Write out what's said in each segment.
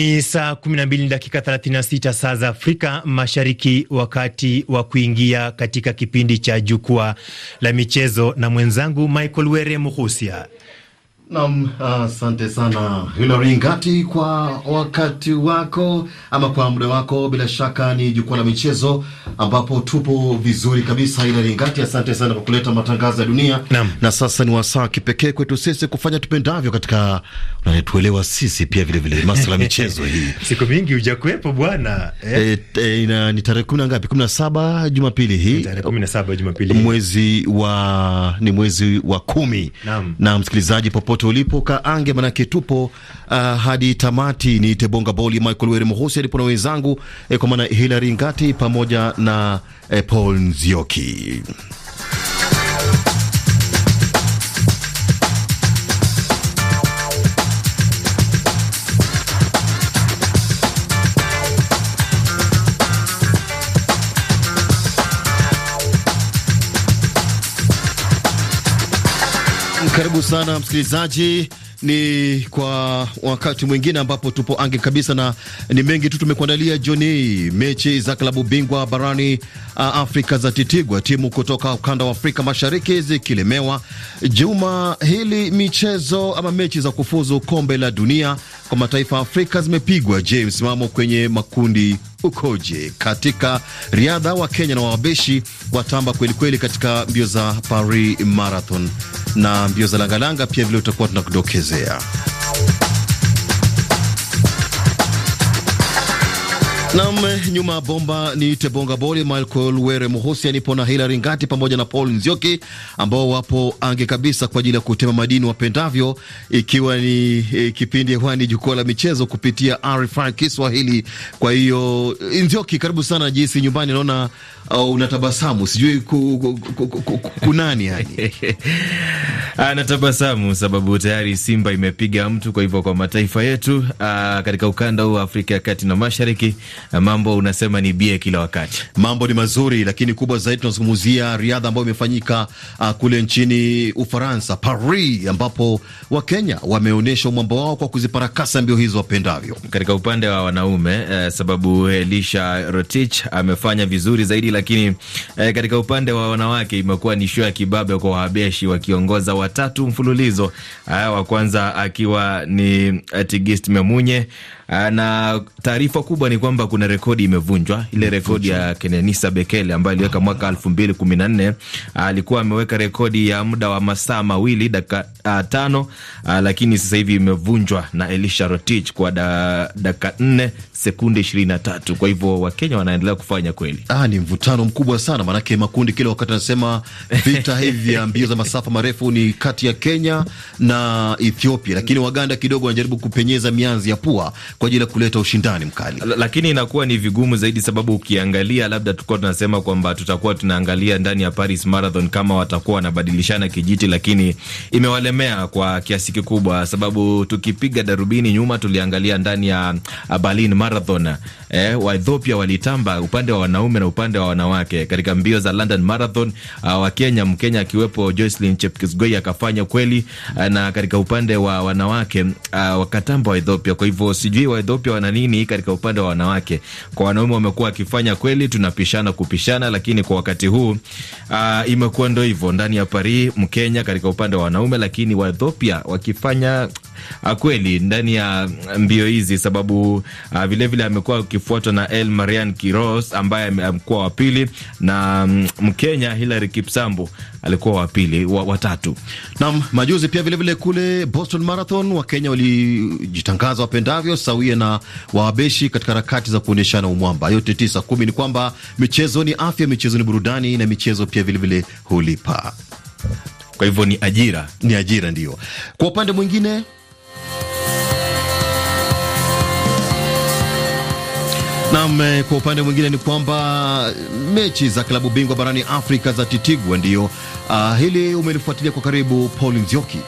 Ni saa 12 dakika 36 saa za Afrika Mashariki, wakati wa kuingia katika kipindi cha jukwaa la michezo na mwenzangu Michael Were Muhusia nam asante uh, sana Hilary Ngati kwa wakati wako ama kwa muda wako. Bila shaka ni jukwaa la michezo ambapo tupo vizuri kabisa. Hilary Ngati, asante sana kwa kuleta matangazo ya dunia Naam. Na sasa ni wasaa kipekee kwetu sisi kufanya tupendavyo katika unanituelewa sisi pia vile vile masuala ya michezo hii. Siku mingi hujakuwepo bwana eh. E, e, ina, ni tarehe kumi na ngapi? Kumi na saba Jumapili hii, tarehe kumi na saba Jumapili, mwezi wa ni mwezi wa kumi. na msikilizaji popote popote ulipo, kaange manake tupo uh, hadi tamati. Ni Tebonga Boli, Michael Were Mohosi alipo na wenzangu eh, kwa maana Hilary Ngati pamoja na eh, Paul Nzioki. Karibu sana msikilizaji, ni kwa wakati mwingine ambapo tupo ange kabisa na ni mengi tu tumekuandalia jioni hii. Mechi za klabu bingwa barani Afrika za titigwa, timu kutoka ukanda wa Afrika Mashariki zikilemewa juma hili. Michezo ama mechi za kufuzu kombe la dunia kwa mataifa Afrika zimepigwa. Je, msimamo kwenye makundi ukoje? Katika riadha wa Kenya na wabeshi watamba kwelikweli katika mbio za Paris Marathon na mbio za langalanga pia vile, utakuwa tunakudokezea Nam nyuma ya bomba ni Tebonga Boli, Michael Were Muhusi, anipo na Hilari Ngati pamoja na Paul Nzioki ambao wapo ange kabisa kwa ajili ya kutema madini wapendavyo, ikiwa ni e, kipindi hewani jukwaa la michezo kupitia RFI Kiswahili. Kwa hiyo Nzioki, karibu sana. Jinsi nyumbani naona uh, unatabasamu, sijui ku, ku, ku, ku, ku, kunani yani anatabasamu ah, sababu tayari Simba imepiga mtu, kwa hivyo kwa mataifa yetu uh, katika ukanda huu wa Afrika ya kati na mashariki Eh, mambo unasema ni bia kila wakati, mambo ni mazuri, lakini kubwa zaidi tunazungumzia riadha ambayo imefanyika uh, kule nchini Ufaransa, Paris, ambapo Wakenya wameonyesha umwambo wao kwa kuziparakasa mbio hizo wapendavyo. Katika upande wa wanaume eh, sababu Elisha Rotich amefanya vizuri zaidi, lakini eh, katika upande wa wanawake imekuwa ni show ya kibabe kwa Wahabeshi wakiongoza watatu mfululizo, ah, wa kwanza akiwa ni Tigist Memunye Ah, na taarifa kubwa ni kwamba kuna rekodi imevunjwa, ile rekodi ya Kenenisa Bekele ambayo aliweka ah. mwaka elfu mbili kumi na nne. Alikuwa ameweka rekodi ya muda wa masaa mawili dakika uh, tano uh, lakini sasa hivi imevunjwa na Elisha Rotich kwa da, dakika nne sekunde ishirini na tatu. Kwa hivyo Wakenya wanaendelea kufanya kweli. Ah, ni mvutano mkubwa sana maanake makundi kila wakati anasema vita hivi vya mbio za masafa marefu ni kati ya Kenya na Ethiopia, lakini Waganda kidogo wanajaribu kupenyeza mianzi ya pua kwa ajili ya kuleta ushindani mkali, lakini inakuwa ni vigumu zaidi, sababu ukiangalia, labda tukuwa tunasema kwamba tutakuwa tunaangalia ndani ya Paris Marathon kama watakuwa wanabadilishana kijiti, lakini imewalemea kwa kiasi kikubwa, sababu tukipiga darubini nyuma, tuliangalia ndani ya Berlin Marathon eh, Waethiopia walitamba upande wa wanaume na upande wa wanawake katika mbio za London Marathon. Uh, wa Kenya, Mkenya akiwepo Joycelyn Chepkisgei akafanya kweli, uh, na katika upande wa wanawake uh, wakatamba Waethiopia. Kwa hivyo sijui Waethiopia wana nini katika upande wa wanawake? Kwa wanaume wamekuwa wakifanya kweli, tunapishana kupishana, lakini kwa wakati huu uh, imekuwa ndo hivyo ndani ya Paris, Mkenya katika upande wa wanaume, lakini Waethiopia wakifanya Ah, kweli ndani ya mbio hizi, sababu vilevile ah, amekuwa akifuatwa na El Marian Kiros ambaye amekuwa wa pili na mm, Mkenya Hilary Kipsambo alikuwa wa pili wa tatu. Naam, majuzi pia vilevile vile kule Boston Marathon Wakenya walijitangaza wapendavyo sawia na waabeshi katika harakati za kuonyeshana umwamba. Yote tisa kumi ni kwamba michezo ni afya, michezo ni burudani na michezo pia vilevile vile hulipa. Kwa hivyo ni ajira, ni ajira ndio. Kwa upande mwingine Nam, eh, kwa upande mwingine ni kwamba mechi za klabu bingwa barani Afrika za titigwa ndiyo. Uh, ah, hili umelifuatilia kwa karibu, Paul Nzioki.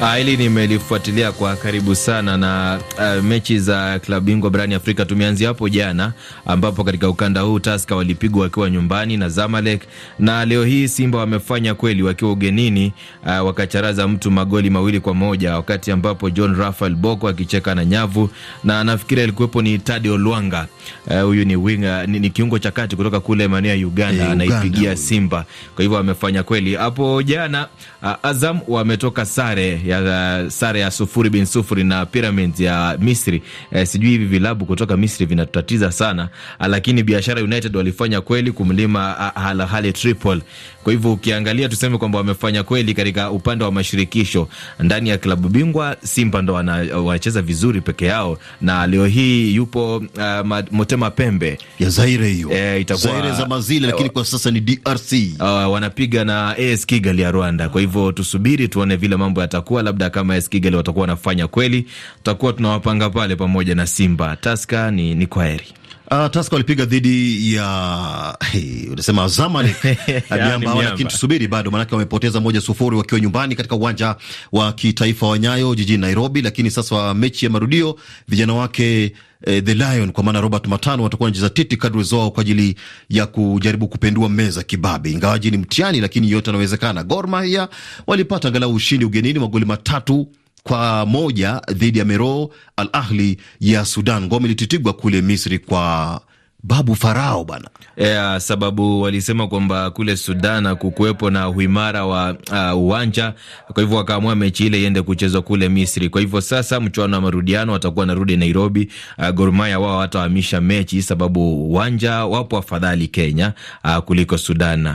Ah, hili nimelifuatilia kwa karibu sana na uh, mechi za klabu bingwa barani Afrika. Tumeanzia hapo jana, ambapo katika ukanda huu Taska walipigwa wakiwa nyumbani na Zamalek, na leo hii Simba wamefanya kweli wakiwa ugenini, uh, wakacharaza mtu magoli mawili kwa moja, wakati ambapo John Rafael Boko akicheka na nyavu, na nafikiri alikuwepo ni Tadeo Lwanga. Eh, huyu ni winga, ni, ni kiungo cha kati kutoka kule maeneo ya eh, Uganda, anaipigia Simba. Kwa hivyo wamefanya kweli hapo jana Uh, Azam wametoka sare ya uh, sare ya sufuri bin sufuri na Pyramids ya Misri. Uh, sijui hivi vilabu kutoka Misri vinatutatiza sana, uh, lakini Biashara United walifanya kweli kumlima uh, Al Ahly Tripoli. Kwa hivyo ukiangalia tuseme kwamba wamefanya kweli katika upande wa mashirikisho. Ndani ya klabu bingwa Simba ndo uh, wanacheza vizuri peke yao, na leo hii yupo uh, ma, Motema Pembe ya Zaire hiyo e, itakuwa Zaire za mazile, lakini kwa sasa ni DRC uh, wanapiga na AS Kigali ya Rwanda kwa hivyo, hivyo tusubiri tuone vile mambo yatakuwa, labda kama AS Kigali watakuwa wanafanya kweli, tutakuwa tunawapanga pale pamoja na Simba. Taska ni, ni kwaheri. Uh, Taska walipiga dhidi ya hey, unasema Zamalek miamba, lakini tusubiri bado, maanake wamepoteza moja sufuri wakiwa nyumbani katika uwanja wa kitaifa wa Nyayo jijini Nairobi, lakini sasa mechi ya marudio vijana wake eh, the Lion kwa maana Robert Matano watakuwa wanacheza titi kadri zao kwa ajili ya kujaribu kupendua meza kibabe, ingawaji ni mtihani, lakini yote yanawezekana. Gor Mahia walipata angalau ushindi ugenini magoli matatu kwa moja dhidi ya Mero Al Ahli ya Sudan. Ngome ilititigwa kule Misri kwa babu Farao bana, yeah, sababu walisema kwamba kule Sudan hakukuwepo na uimara wa uh, uwanja. Kwa hivyo wakaamua mechi ile iende kuchezwa kule Misri. Kwa hivyo sasa mchuano wa marudiano watakuwa narudi Nairobi. Uh, Gor Mahia wao watahamisha mechi sababu uwanja wapo afadhali Kenya uh, kuliko Sudan.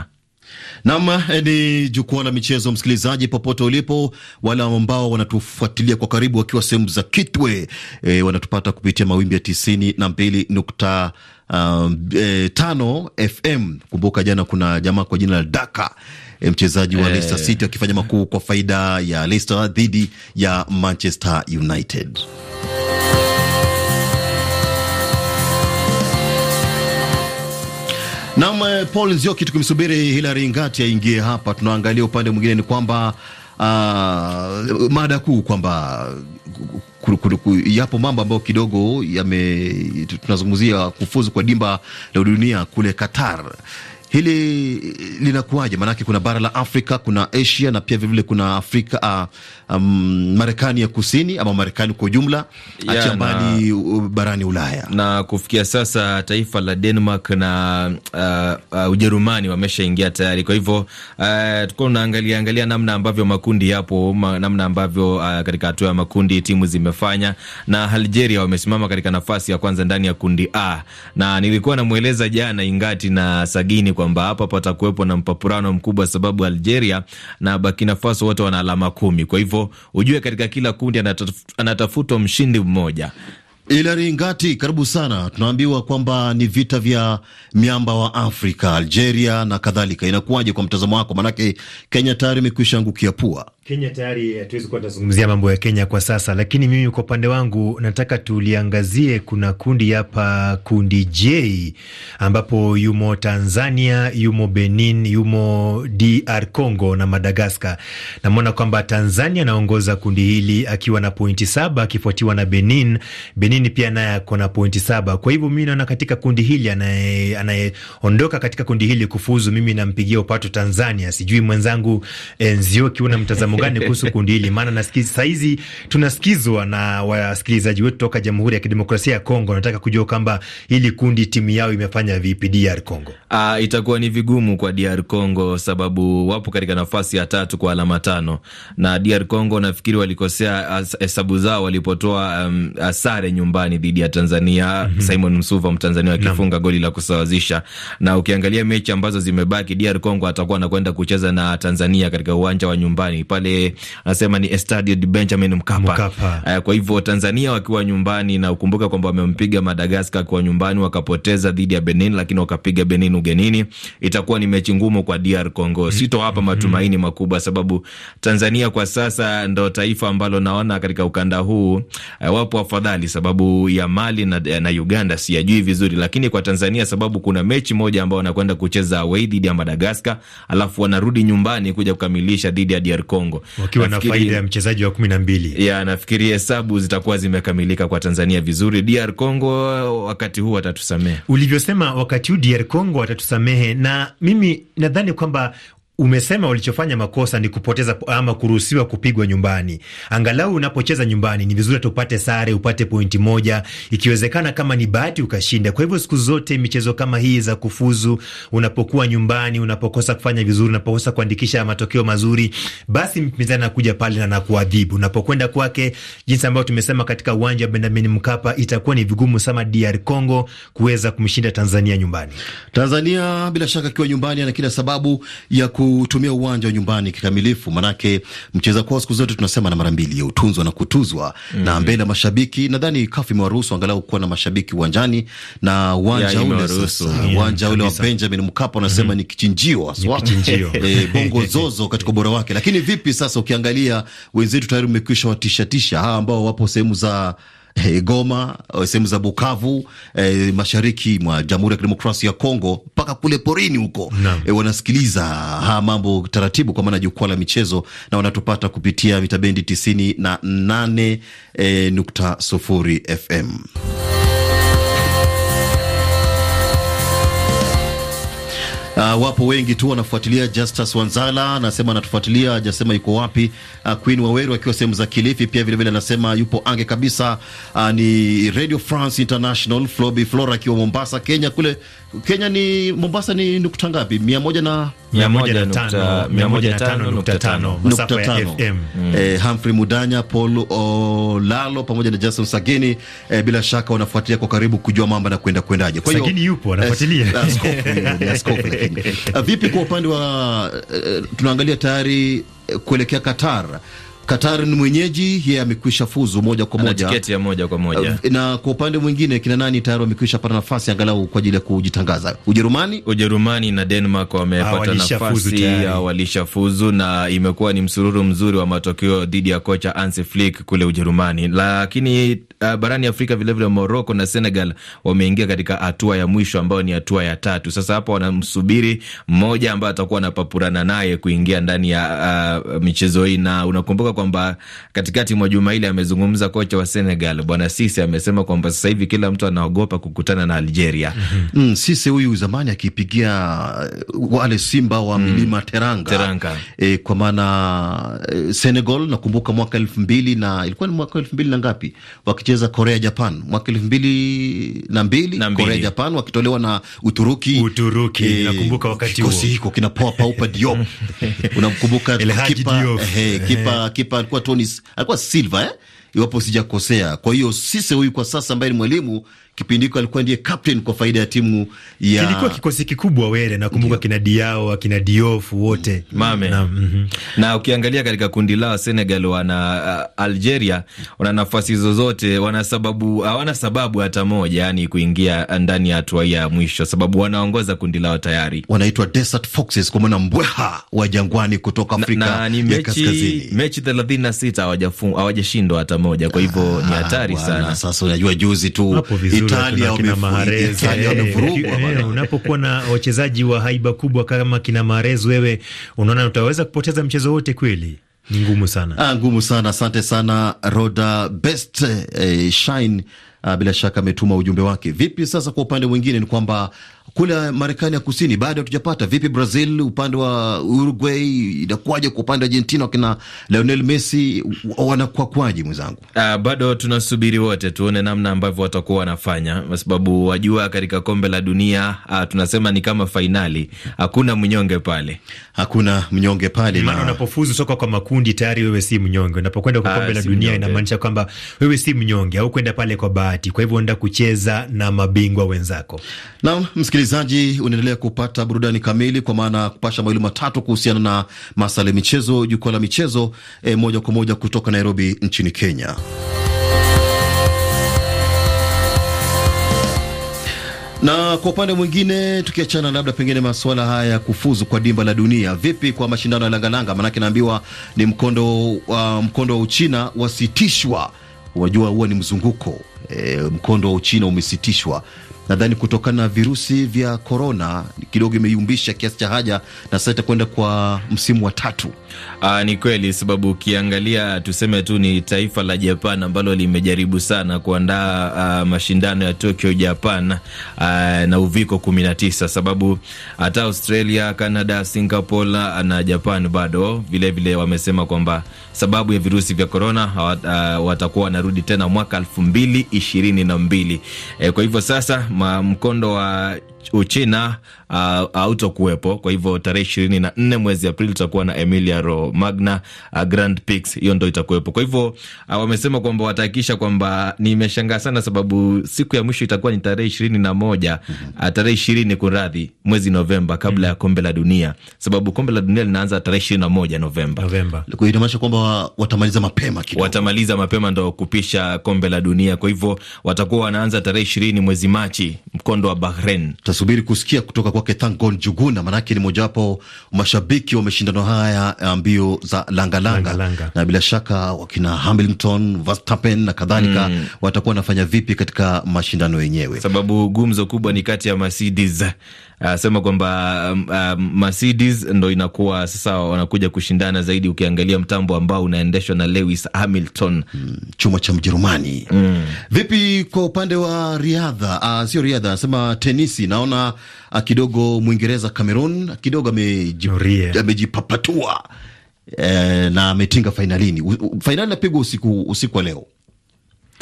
Nam eh, ni jukwaa la michezo, msikilizaji popote ulipo, wale ambao wanatufuatilia kwa karibu wakiwa sehemu za Kitwe e, wanatupata kupitia mawimbi ya tisini na mbili nukta um, e, tano FM. Kumbuka jana kuna jamaa kwa jina la Daka e, mchezaji wa e, Leicester City akifanya makuu kwa faida ya Leicester dhidi ya Manchester United. nam eh, Paul Nzioki, tukimsubiri Hilary Ngati aingie hapa, tunaangalia upande mwingine ni kwamba uh, mada kuu kwamba yapo mambo ambayo kidogo yame tunazungumzia kufuzu kwa dimba la dunia kule Qatar. Hili linakuwaje? Maanake kuna bara la Afrika, kuna Asia na pia vilevile kuna Afrika, ah, um, Marekani ya kusini ama Marekani kwa ujumla, achia mbali barani Ulaya. Na kufikia sasa taifa la Denmark na uh, uh, Ujerumani wameshaingia tayari. Kwa hivyo uh, tuko unaangalia angalia namna ambavyo makundi yapo, namna ambavyo uh, katika hatua ya makundi timu zimefanya, na Algeria wamesimama katika nafasi ya kwanza ndani ya kundi A, na nilikuwa namweleza jana Ingati na Sagini kwamba hapa patakuwepo na mpapurano mkubwa, sababu Algeria na Burkina Faso wote wana alama kumi, kwa hivyo ujue katika kila kundi anatafutwa mshindi mmoja. ilari Ngati, karibu sana. Tunaambiwa kwamba ni vita vya miamba wa Afrika, Algeria na kadhalika. Inakuwaje kwa mtazamo wako? Maanake Kenya tayari imekwisha angukia pua. Kenya tayari eh, hatuwezi kuwa tunazungumzia mambo ya Kenya kwa sasa, lakini mimi kwa upande wangu nataka tuliangazie. Kuna kundi hapa, kundi J ambapo yumo Tanzania, yumo Benin, yumo DR Congo na Madagaskar. Namwona kwamba Tanzania anaongoza kundi hili akiwa na pointi saba akifuatiwa na Benin. Benin pia naye ako na pointi saba. Kwa hivyo mimi naona katika kundi hili anayeondoka katika kundi hili kufuzu, mimi nampigia upato Tanzania. Sijui mwenzangu eh, Nzioki una mtazamo mtazamo gani kuhusu kundi hili? Maana nasikia sahizi tunasikizwa na wasikilizaji wetu toka Jamhuri ya Kidemokrasia ya Kongo, wanataka kujua kwamba hili kundi timu yao imefanya vipi DR Congo. Uh, itakuwa ni vigumu kwa DR Congo sababu wapo katika nafasi ya tatu kwa alama tano, na DR Congo nafikiri walikosea hesabu zao walipotoa um, sare nyumbani dhidi ya Tanzania mm -hmm. Simon Msuva Mtanzania akifunga goli la kusawazisha, na ukiangalia mechi ambazo zimebaki DR Congo atakuwa anakwenda kucheza na Tanzania katika uwanja wa nyumbani pale pale, anasema ni Estadio de Benjamin Mkapa, Mkapa. Eh, kwa hivyo Tanzania wakiwa nyumbani, na ukumbuka kwamba wamempiga nyumbani, wakapoteza dhidi ya Benin, lakini wakapiga Benin ugenini. Itakuwa ni mechi ngumu kwa DR Congo, mm-hmm. mm-hmm. matumaini makubwa sababu Tanzania kwa sasa ndo taifa ambalo naona katika ukanda huu eh, wapo sababu ya Mali na, eh, na Uganda siyajui vizuri, lakini kwa Tanzania sababu kuna mechi moja ambao wanakwenda kucheza away dhidi ya alafu wanarudi nyumbani kuja kukamilisha dhidi ya DR Congo. Kongo wakiwa na faida ya mchezaji wa kumi na mbili. Ya, nafikiri hesabu zitakuwa zimekamilika kwa Tanzania vizuri. DR Congo wakati huu watatusamehe, ulivyosema, wakati huu DR Congo watatusamehe, na mimi nadhani kwamba Umesema walichofanya makosa ni kupoteza ama kuruhusiwa kupigwa nyumbani. Angalau unapocheza nyumbani ni vizuri upate sare, upate pointi moja, ikiwezekana kama ni bahati ukashinda. Kwa hivyo siku zote michezo kama hii za kufuzu, unapokuwa nyumbani, unapokosa kufanya vizuri, unapokosa kuandikisha matokeo mazuri, basi mpinzani anakuja pale na nakuadhibu. Unapokwenda kwake, jinsi ambayo tumesema katika uwanja wa Benjamin Mkapa, itakuwa ni vigumu sana DR Congo kuweza kumshinda Tanzania nyumbani. Tanzania bila shaka akiwa nyumbani ana kila sababu ya ku kutumia uwanja wa nyumbani kikamilifu, manake mcheza kwao siku zote tunasema na mara mbili ya utunzwa na kutuzwa mm. na mbele ya mashabiki. Nadhani CAF imewaruhusu angalau kuwa na mashabiki uwanjani na uwanja ule sasa, uwanja ule wa Benjamin Mkapa anasema mm -hmm. ni kichinjio haswa e, bongo zozo katika ubora wake. Lakini vipi sasa, ukiangalia wenzetu tayari umekwisha watishatisha hawa ambao wapo sehemu za eh, Goma, eh, sehemu za Bukavu, eh, mashariki mwa Jamhuri ya Kidemokrasia ya Kongo mpaka kule porini huko eh, wanasikiliza haya mambo taratibu, kwa maana jukwaa la michezo, na wanatupata kupitia mitabendi tisini na nane eh, nukta sufuri FM. Uh, wapo wengi tu wanafuatilia. Justus Wanzala anasema anatufuatilia, ajasema yuko wapi. Uh, Queen Waweru akiwa sehemu za Kilifi pia vilevile anasema vile yupo ange kabisa. Uh, ni Radio France International. Flobi Flora akiwa Mombasa, Kenya. Kule Kenya ni Mombasa ni nukta ngapi? mia moja na 105.5 Humphrey Mudanya, Paul Olalo pamoja na Jason Sagini eh, bila shaka wanafuatilia kwa karibu kujua mambo na kuenda kwendaje. Kwa hiyo Sagini yupo eh, anafuatilia. Eh, vipi kwa upande wa eh, tunaangalia tayari kuelekea Qatar Qatar ni mwenyeji yeye, amekwisha fuzu moja kwa moja, tiketi ya moja kwa moja. Uh, na kwa upande mwingine kina nani tayari wamekwisha pata nafasi angalau kwa ajili ya kujitangaza? Ujerumani, Ujerumani na Denmark wamepata nafasi, walishafuzu na imekuwa ni msururu mzuri wa matokeo dhidi ya kocha Hansi Flick kule Ujerumani. Lakini uh, barani Afrika vilevile Morocco na Senegal wameingia katika hatua ya mwisho ambayo ni hatua ya tatu. Sasa hapa wanamsubiri mmoja ambaye atakuwa anapapurana naye kuingia ndani ya uh, michezo hii na unakumbuka kwamba katikati mwa juma hili amezungumza kocha wa Senegal Bwana Sise, amesema kwamba sasa hivi kila mtu anaogopa kukutana na Algeria. Mhm. mm -hmm. Mm, Sise huyu zamani akipigia uh, wale Simba wa mm, milima Teranga, Teranga. E, kwa maana e, Senegal nakumbuka mwaka elfu mbili na ilikuwa ni mwaka elfu mbili na ngapi wakicheza Korea Japan mwaka elfu mbili na mbili Korea Japan wakitolewa na Uturuki, Uturuki. E, nakumbuka wakati huo kikosi hiko kinapoa Paupa Diop unamkumbuka eh, kipa, kipa, kipa golikipa alikuwa Tony, alikuwa Silva eh, iwapo sijakosea. Kwa hiyo Sise huyu kwa sasa ambaye ni mwalimu kipindi hiko alikuwa ndiye captain kwa faida ya timu ya kilikuwa kikosi kikubwa wele, nakumbuka kina Diao kina Diofu wote mm. mame na, mm -hmm. na ukiangalia katika kundi lao Senegal wana uh, Algeria wana nafasi zozote, wana sababu hawana sababu hata moja, yani kuingia ndani ya hatua ya mwisho, sababu wanaongoza kundi lao tayari. Wanaitwa Desert Foxes kwa maana mbweha wa jangwani kutoka Afrika na, na, ni mechi, kaskazini mechi 36 hawajashindwa hata moja, kwa hivyo ni ah, hatari sana. Sasa unajua juzi tu Italia wamevurugwa. Eh, eh, eh, unapokuwa na wachezaji wa haiba kubwa kama kina Mahrez, wewe unaona utaweza kupoteza mchezo wote kweli? Ni ngumu sana. Ah, ngumu sana. Asante sana Roda Best eh, Shine ah, bila shaka ametuma ujumbe wake. Vipi sasa, kwa upande mwingine ni kwamba kule Marekani ya kusini bado hatujapata. Vipi Brazil, upande wa Uruguay inakuwaje? Kwa upande wa Argentina wakina Lionel Messi wanakwakwaje? Mwenzangu, uh, bado tunasubiri wote tuone namna ambavyo watakuwa wanafanya, kwa sababu wajua, katika kombe la dunia uh, tunasema ni kama fainali, hakuna mnyonge pale, hakuna mnyonge pale. Maana unapofuzu soka kwa makundi tayari wewe si mnyonge, unapokwenda kwa ah, kombe la dunia inamaanisha kwamba wewe si mnyonge au kwenda pale kwa bahati. Kwa hivyo unaenda kucheza na mabingwa wenzako na Msikilizaji, unaendelea kupata burudani kamili, kwa maana ya kupasha mawili matatu kuhusiana na masala ya michezo, jukwaa la michezo e, moja kwa moja kutoka Nairobi nchini Kenya. na kwa upande mwingine tukiachana labda pengine masuala haya ya kufuzu kwa dimba la dunia, vipi kwa mashindano ya langalanga? Maanake naambiwa ni mkondo, uh, mkondo wa Uchina wasitishwa. Unajua huwa ni mzunguko e, mkondo wa Uchina umesitishwa nadhani kutokana na virusi vya korona kidogo imeyumbisha kiasi cha haja, na sasa itakwenda kwa msimu wa tatu. Aa, ah, ni kweli, sababu ukiangalia tuseme tu ni taifa la Japan ambalo limejaribu sana kuandaa uh, mashindano ya Tokyo Japan uh, na uviko 19 sababu hata Australia, Canada, Singapore na Japan bado vilevile vile wamesema kwamba sababu ya virusi vya korona uh, watakuwa wanarudi tena mwaka elfu mbili ishirini na mbili. E, kwa hivyo sasa mkondo wa Uchina Uh, hautakuwepo. Kwa hivyo tarehe ishirini na nne mwezi Aprili tutakuwa na Emilia Ro Magna uh, Grand Prix, hiyo ndo itakuwepo. Kwa hivyo uh, wamesema kwamba watahakikisha kwamba, nimeshangaa sana sababu siku ya mwisho itakuwa ni tarehe ishirini na moja mhm. uh, tarehe ishirini kuradhi, mwezi Novemba kabla ya mhm. kombe la dunia, sababu kombe la dunia linaanza tarehe ishirini na moja Novemba, Inamaanisha kwamba watamaliza mapema kidogo, watamaliza mapema ndo kupisha kombe la dunia. Kwa hivyo watakuwa wanaanza tarehe ishirini mwezi Machi, mkondo wa Bahrain. Tasubiri kusikia kutoka kwa kwake Thangon Juguna, maanake ni mojawapo mashabiki wa mashindano haya ya mbio za langalanga langa, langa. Na bila shaka wakina Hamilton, Verstappen na kadhalika mm. watakuwa wanafanya vipi katika mashindano yenyewe, sababu gumzo kubwa ni kati ya Mercedes asema kwamba uh, Mercedes ndo inakuwa sasa wanakuja kushindana zaidi, ukiangalia mtambo ambao unaendeshwa na Lewis Hamilton mm, chuma cha Mjerumani mm. Vipi kwa upande wa riadha uh, sio riadha, anasema tenisi, naona uh, kidogo Mwingereza Cameron kidogo amejipapatua eh, na ametinga fainalini. Fainali inapigwa usiku, usiku wa leo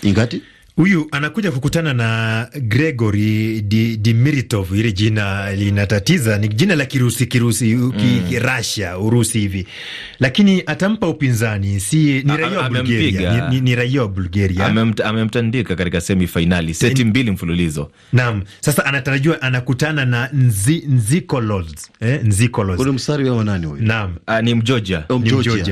ingati Huyu anakuja kukutana na Gregory Di, Dimiritov. Ile jina linatatiza, ni jina la Kirusi, Kirusi mm. Rasia, Urusi hivi, lakini atampa upinzani si, ni raia wa Bulgaria, ni, ni raia wa Bulgaria. Amemtandika katika semi fainali seti mbili mfululizo. Naam, sasa anatarajiwa anakutana na nzi, Nzikolos eh, Nzikolos. Kuna mstari wa nani huyu? Naam, ni Mjoja,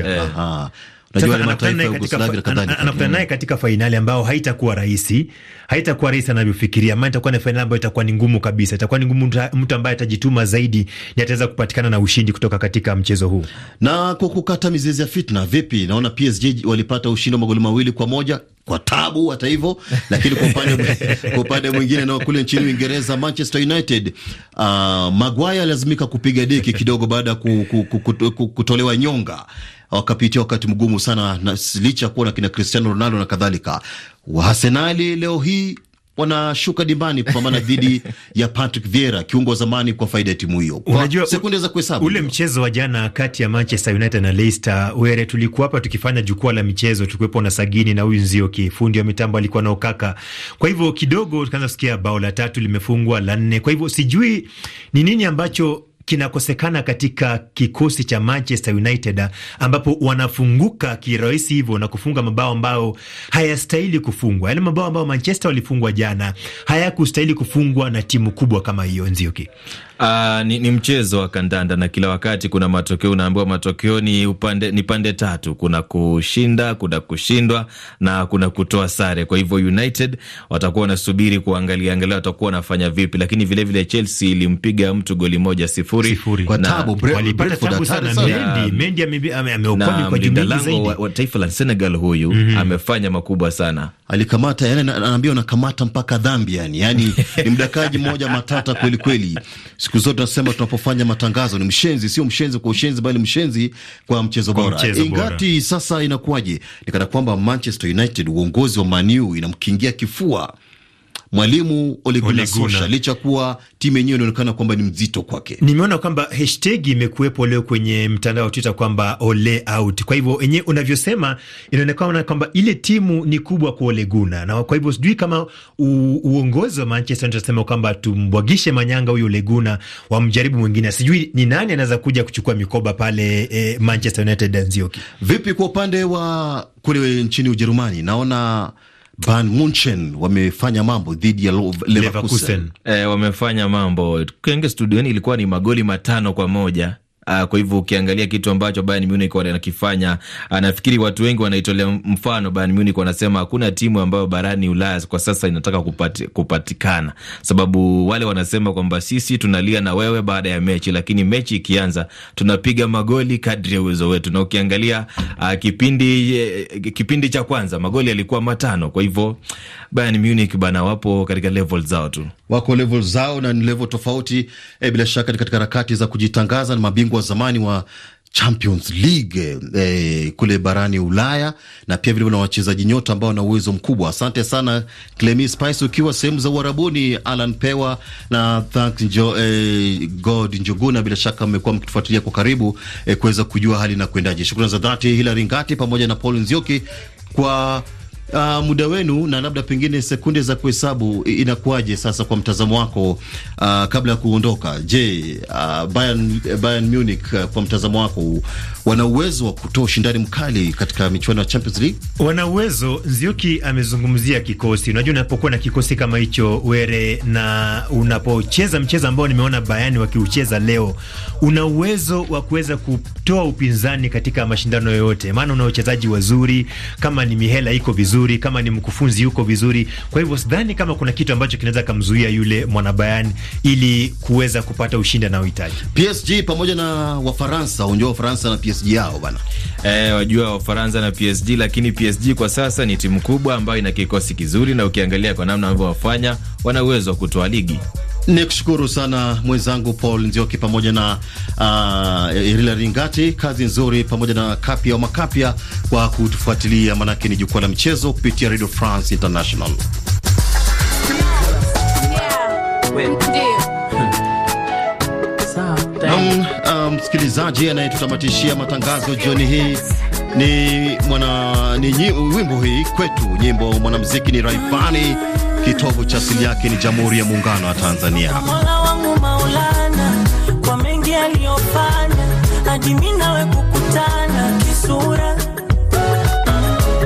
Eh. Aha anakutana naye katika fainali mm. ambayo haitakuwa rahisi, haitakuwa rahisi anavyofikiria, maana itakuwa ni fainali ambayo itakuwa ni ngumu kabisa, itakuwa ni ngumu. Mtu ambaye atajituma zaidi ni ataweza kupatikana na ushindi kutoka katika mchezo huu. Na kwa kukata mizizi ya fitna, vipi, naona PSG walipata ushindi wa magoli mawili kwa moja kwa tabu hata hivyo, lakini kwa upande mwingine na kule nchini Uingereza, Manchester United uh, Maguire alilazimika kupiga deki kidogo baada ya kutolewa nyonga wakapitia wakati mgumu sana na licha ya kuwa na kina Cristiano Ronaldo na kadhalika. Arsenali leo hii wanashuka dimbani kupambana dhidi ya Patrick Vieira, kiungo wa zamani kwa faida ya timu hiyo. Unajua sekunde za kuhesabu ule mchezo wa jana kati ya Manchester United na Leicester, were tulikuwa hapa tukifanya jukwaa la michezo, tukiwepo na Sagini na huyu nzio kifundi wa mitambo alikuwa na ukaka. Kwa hivyo kidogo tukaanza kusikia bao la tatu limefungwa la nne. Kwa hivyo sijui ni nini ambacho kinakosekana katika kikosi cha Manchester United ah, ambapo wanafunguka kirahisi hivyo na kufunga mabao ambayo hayastahili kufungwa. Yale mabao ambayo Manchester walifungwa jana hayakustahili kufungwa na timu kubwa kama hiyo Nzioki. Uh, ni, ni mchezo wa kandanda na kila wakati kuna matokeo, unaambiwa matokeo ni upande, ni pande tatu: kuna kushinda, kuna kushindwa na kuna kutoa sare. Kwa hivyo United watakuwa wanasubiri kuangalia angalia watakuwa wanafanya vipi, lakini vilevile vile Chelsea ilimpiga mtu goli moja sifuri, Kwa tabu, walipata tabu sana. Mendy ameokoa kwa jumla zaidi wa, wa taifa la Senegal huyu mm -hmm. amefanya makubwa sana, alikamata yani, anaambia anakamata mpaka dhambi yani, yani ni mdakaji mmoja matata kweli kweli siku zote tunasema tunapofanya matangazo ni mshenzi, sio mshenzi kwa ushenzi, bali mshenzi kwa mchezo eh, bora. Ingati sasa inakuwaje? Nikana kwamba Manchester United, uongozi wa Manu inamkingia kifua mwalimu Ole Gunnar Solskjaer, licha kuwa timu yenyewe inaonekana kwamba ni mzito kwake. Nimeona kwamba hashtag imekuwepo leo kwenye mtandao wa Twitter kwamba Ole out. Kwa hivyo wenyewe unavyosema, inaonekana kwamba ile timu ni kubwa kwa Ole Gunnar, na kwa hivyo sijui kama uongozi wa Manchester United unasema kwamba tumbwagishe manyanga huyo Ole Gunnar, wamjaribu mwingine. Sijui ni nani anaweza kuja kuchukua mikoba pale eh, Manchester United. Nzioki, vipi kwa upande wa kule nchini Ujerumani? Naona Bayern Munchen wamefanya mambo dhidi ya Leverkusen. Eh, wamefanya mambo kenge studioni, ilikuwa ni magoli matano kwa moja Uh, kwa hivyo ukiangalia kitu ambacho Bayern Munich wanakifanya, ah, nafikiri watu wengi wanaitolea mfano Bayern Munich, wanasema hakuna timu ambayo barani Ulaya kwa sasa inataka kupati, kupatikana sababu wale wanasema kwamba sisi tunalia na wewe baada ya mechi, lakini mechi ikianza tunapiga magoli kadri ya uwezo wetu, na ukiangalia uh, kipindi, eh, kipindi cha kwanza magoli yalikuwa matano. Kwa hivyo Bayern Munich bana wapo katika level zao tu, wako level zao na ni level tofauti. E, bila shaka katika harakati za kujitangaza na mabingwa wa zamani wa Champions League eh, kule barani Ulaya na pia vilevile na wachezaji nyota ambao wana uwezo mkubwa. Asante sana Clemi Spice ukiwa sehemu za Uarabuni, Alan Pewa na thank njo, eh, God Njuguna, bila shaka mmekuwa mkitufuatilia kwa karibu eh, kuweza kujua hali na kuendaje. Shukrani za dhati Hilary Ngati pamoja na Paul Nzioki kwa uh, muda wenu na labda pengine sekunde za kuhesabu, inakuwaje sasa kwa mtazamo wako uh, kabla ya kuondoka? Je, uh, Bayern, Bayern Munich uh, kwa mtazamo wako wana uwezo wa kutoa ushindani mkali katika michuano ya Champions League? Wana uwezo. Nzioki amezungumzia kikosi. Unajua, unapokuwa na kikosi kama hicho were na unapocheza mchezo ambao nimeona Bayern wakiucheza leo, una uwezo wa kuweza kutoa upinzani katika mashindano yoyote, maana una wachezaji wazuri, kama ni mihela iko vizuri vizuri, kama ni mkufunzi yuko vizuri. Kwa hivyo sidhani kama kuna kitu ambacho kinaweza kamzuia yule mwanabayan ili kuweza kupata ushindi anaohitaji. PSG pamoja na Wafaransa, unajua Wafaransa na PSG yao bana, eh, wajua Wafaransa na PSG, lakini PSG kwa sasa ni timu kubwa ambayo ina kikosi kizuri, na ukiangalia kwa namna wafanya wana uwezo wa kutoa ligi ni kushukuru sana mwenzangu Paul Nzioki pamoja na uh, Irila Ringati, kazi nzuri pamoja na Kapia Makapia kwa kutufuatilia, maanake ni jukwaa la michezo kupitia Radio France International. Ah, msikilizaji anayetutamatishia matangazo jioni hii ni mwana ni wimbo hii kwetu, nyimbo mwanamuziki ni Raifani kitovu cha asili yake ni Jamhuri ya Muungano wa Tanzania. Mola wangu Maulana, kwa mengi aliyofanya hadi mimi nawe kukutana kisura,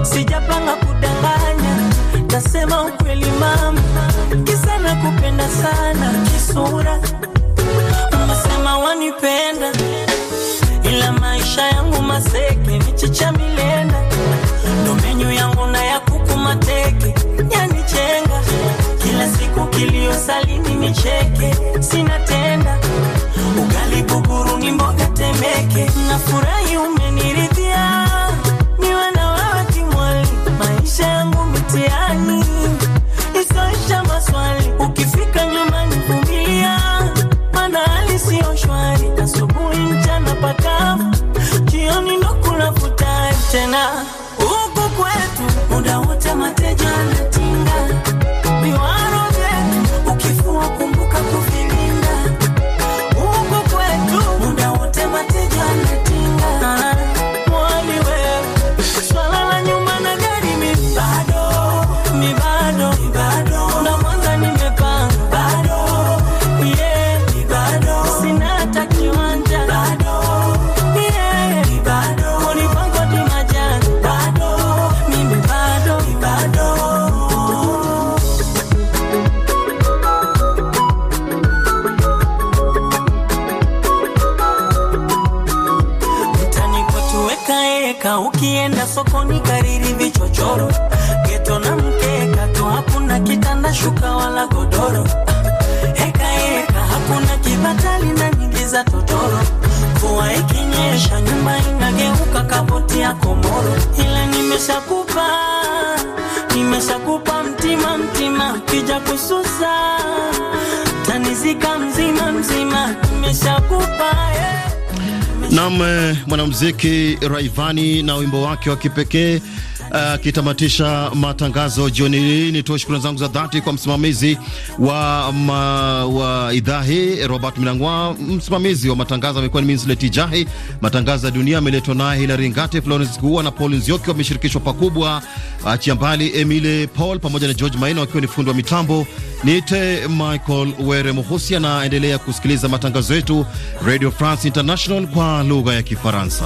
sijapanga kudanganya, nasema ukweli mama, kisa na kupenda sana kisura, unasema wanipenda ila maisha yangu maseke michicha milenda, ndo menyu yangu na ya kuku mateke yanichenga kila siku, kilio salini nicheke, sina tenda ugali buguru ni mboga temeke, na furahi umeniridhia, niwe na wewe kimwali, maisha yangu mitiani isoisha maswali, ukifika nyumbani vumilia, mana hali siyo shwari, asubuhi mchana pakavu, jioni ndo kuna futari tena Chama Teja Natinga Miwaro mzika mzima mzima nam eh, mwanamuziki Raivani na wimbo wake wa kipekee akitamatisha uh, matangazo jioni hii. Nitoe shukrani zangu za dhati kwa msimamizi wa, ma, wa idhaa hii Robert Milangwa. Msimamizi wa matangazo amekuwa ni Minsleti Jahi. Matangazo ya dunia ameletwa naye Hilari Ngate, Florence Kuua na Paul Nzioki wameshirikishwa pakubwa, achia mbali Emile Paul pamoja na George Maina wakiwa ni fundi wa mitambo. Niite Michael Were Muhusi anaendelea kusikiliza matangazo yetu Radio France International kwa lugha ya Kifaransa.